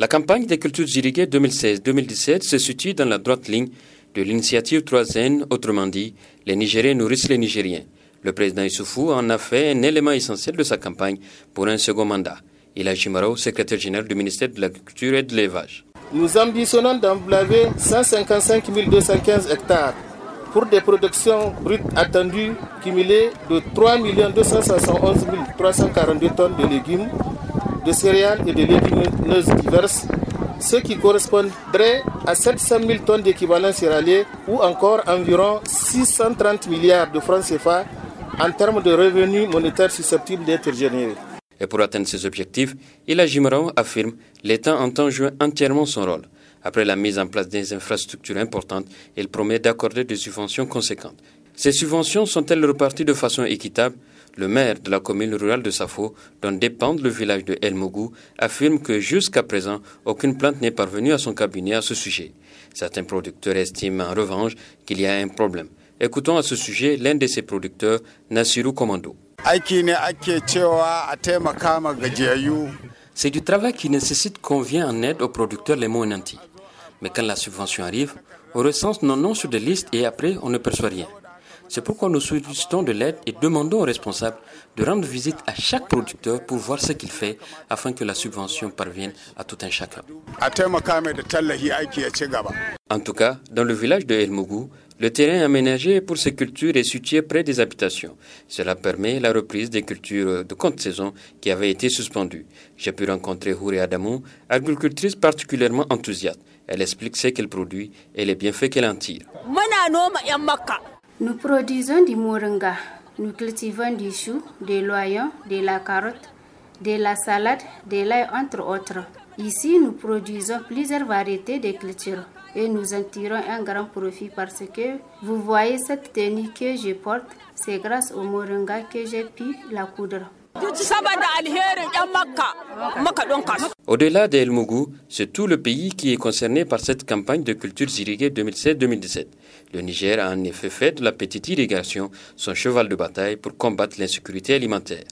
La campagne des cultures irriguées 2016-2017 se situe dans la droite ligne de l'initiative 3N, autrement dit, les Nigériens nourrissent les Nigériens. Le président Issoufou en a fait un élément essentiel de sa campagne pour un second mandat. Il a Chimaro, secrétaire général du ministère de la Culture et de l'Élevage. Nous ambitionnons d'envelopper 155 215 hectares pour des productions brutes attendues cumulées de 3 271 342 tonnes de légumes de céréales et de légumineuses diverses, ce qui correspondrait à 700 000 tonnes d'équivalent céréalier ou encore environ 630 milliards de francs CFA en termes de revenus monétaires susceptibles d'être générés. Et pour atteindre ces objectifs, Ila Jimarao affirme l'État entend jouer entièrement son rôle. Après la mise en place des infrastructures importantes, il promet d'accorder des subventions conséquentes. Ces subventions sont-elles reparties de façon équitable le maire de la commune rurale de Safo, dont dépend le village de El Mogou, affirme que jusqu'à présent, aucune plainte n'est parvenue à son cabinet à ce sujet. Certains producteurs estiment en revanche qu'il y a un problème. Écoutons à ce sujet l'un de ces producteurs, Nassirou Komando. C'est du travail qui nécessite qu'on vienne en aide aux producteurs les moins nantis. Mais quand la subvention arrive, on recense nos noms sur des listes et après on ne perçoit rien. C'est pourquoi nous souhaitons de l'aide et demandons aux responsables de rendre visite à chaque producteur pour voir ce qu'il fait afin que la subvention parvienne à tout un chacun. En tout cas, dans le village de El Mougou, le terrain aménagé pour ces cultures est situé près des habitations. Cela permet la reprise des cultures de compte saison qui avaient été suspendues. J'ai pu rencontrer Houré Adamou, agricultrice particulièrement enthousiaste. Elle explique ce qu'elle produit et les bienfaits qu'elle en tire. Nous produisons du moringa. Nous cultivons du chou, des l'oignon, de la carotte, de la salade, de l'ail, entre autres. Ici, nous produisons plusieurs variétés de cultures et nous en tirons un grand profit parce que vous voyez cette tenue que je porte, c'est grâce au moringa que j'ai pu la coudre. Au-delà d'El Mougou, c'est tout le pays qui est concerné par cette campagne de cultures irriguées 2016-2017. Le Niger a en effet fait de la petite irrigation son cheval de bataille pour combattre l'insécurité alimentaire.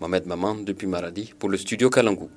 Mohamed Maman depuis Maradi pour le studio Kalangou.